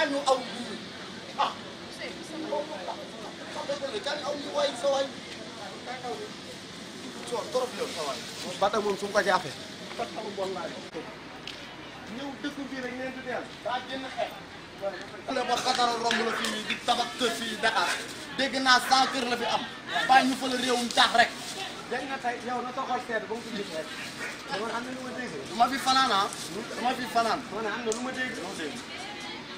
kan you outdo? Ah. Bata moom su ma ko jaaxee. ñëw dëkku bii rek ngeen di deel. daa génn xeet. la ba xatara romb la fii di tabax kër fii Dakar dégg naa cent kër la fi am. bàyyi ñu fa la réewum taax rek. dégg nga tey yow na toog ak seet ba mu fi gis rek. dama am na lu ma dégg. du ma fi fanaan ah. du ma fi fanaan. ma ne am na lu ma dégg.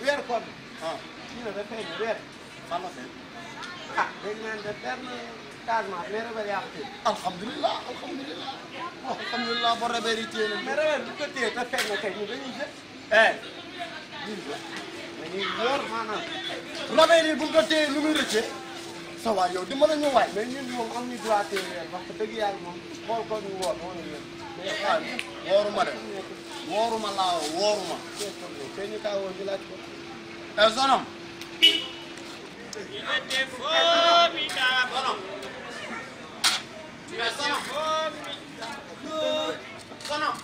weer koor bi ah. a ñu ne da feeñ weer fan la feeñ ah dañ naan da benn Casamance mais yaa ko téye alhamdulilah alhamdulilah oh, alhamdulilah yi téye mais rebelle bu ko yi bu ko téye lu eh. muy rëccee sa waay yow dimbale ñu waay mais ñun moom am ñu droit téye weer wax dëgg yàlla moom xool ko ñu wóor moo ñu ah, wóor wooruma laa wooruma te eh, ñu kaa woo ñu laaj ko e sonom eh, sonom mais sonom sonom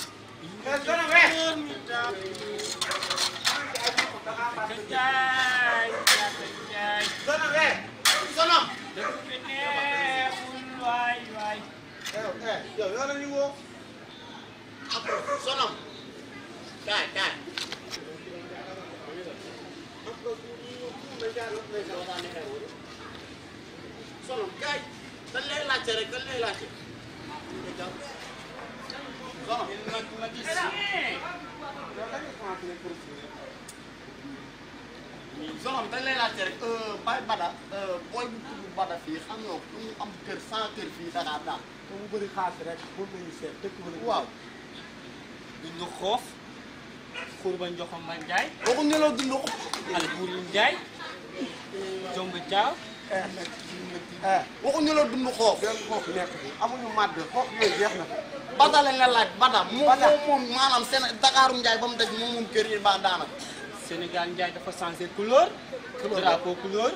mais eh, sonom we sonom sonom gars dañ lay laajte rek dañ laajte zonom dañ lay laajte rek euh, Bada euh, booy bu tudd Bada fii xam nga ku ñu am kër sans fii Dakar daal te mu bëri xaalis rek pour nañu seet dëkk waaw dund xoof xurba njoxom man Njaay waxuñ ne la dund xoof ale buur Njaay jomb Thiaw Eh, waxuñu la dund xoof. benn xoof nekk bi amuñu màdd xoof yooyu jeex na. Bada lañ la laaj Bada. moom moom ba mu daj moom moom kër yi ba daanaka. Sénégal Njaay dafa changé couleur. couleur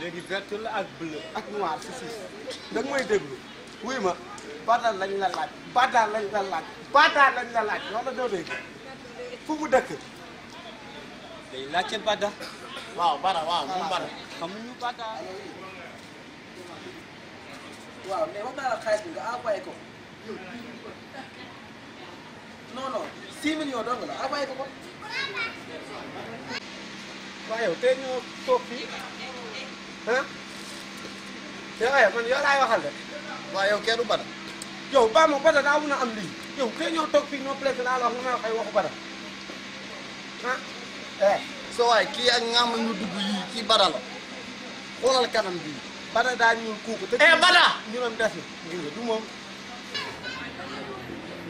léegi vert la ak bleu. ak noir si si da nga may déglu. wuy ma Bada lañ la laaj. Bada lañ la laaj. Bada lañ la laaj wala doo fu mu dëkk. day laajte Bada. waaw Bada waaw moom Bada. xamuñu bàkkaar waaw mais wax naa la xaalis bi nga envoyé ko non non 6 millions dong la envoyé ko ko. waaw yow tey ñoo toog fii ah yow man yow laay waxal de waaw yow kenn du bada yow ba ma bada daa mun a am lii yow tey ñoo toog fii ñoo plaidé naa la wax nga may wax ay waxu bada ah. eh soo waay kii ak nga xam ñu dugg yii kii bada la. xoolal kanam bi bada daa ñuul kooku. te du moom.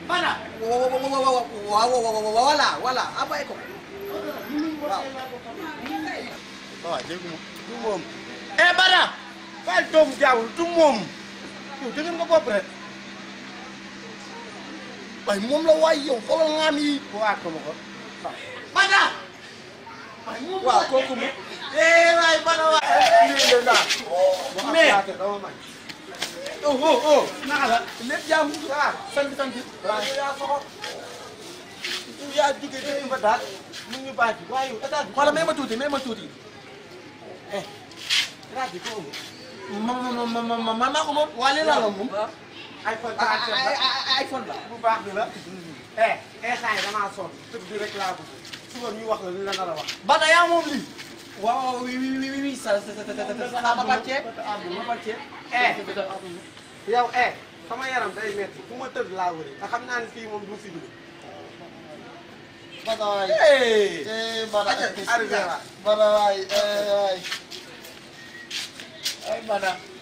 bada. wa wa wa wa ko. waaw. waaw jéggi ma du moom. bada. fayal doomu jaawul du moom. yow dëgg nga bopp rek. waaye moom la waay yow xoolal nga am yii. waaw ko ma ko bada. waaw kooku mu. Eh, waay man waay. lii la mais. oh oh oh. naa la lépp jaamu. waaw ah, sant sant. waaw yaa soxor. yaa jógee dégg nga daal. mu ngi bàyyi waaye état bi. xoolal may ma tuuti may ma tuuti. eh. état bi ko ma ma ma ma ma maa ko moom. waaw lii laa la moom. iPhone la ah, ah, iPhone la. bu baax bi la. eh instant yii damaa sonn. tëb bi rek laa bëgg. suba ñu wax la li la nar a wax. Bada yaa moom lii. waaw oui oui oui sa sa sa ma bàccee ma bàccee. yow eh sama yaram day métti fu ma tëdd laa wëree te xam naa ne fii moom du fi dugg. Bada waay. eh Bada arrivé waay Bada waay ay Bada.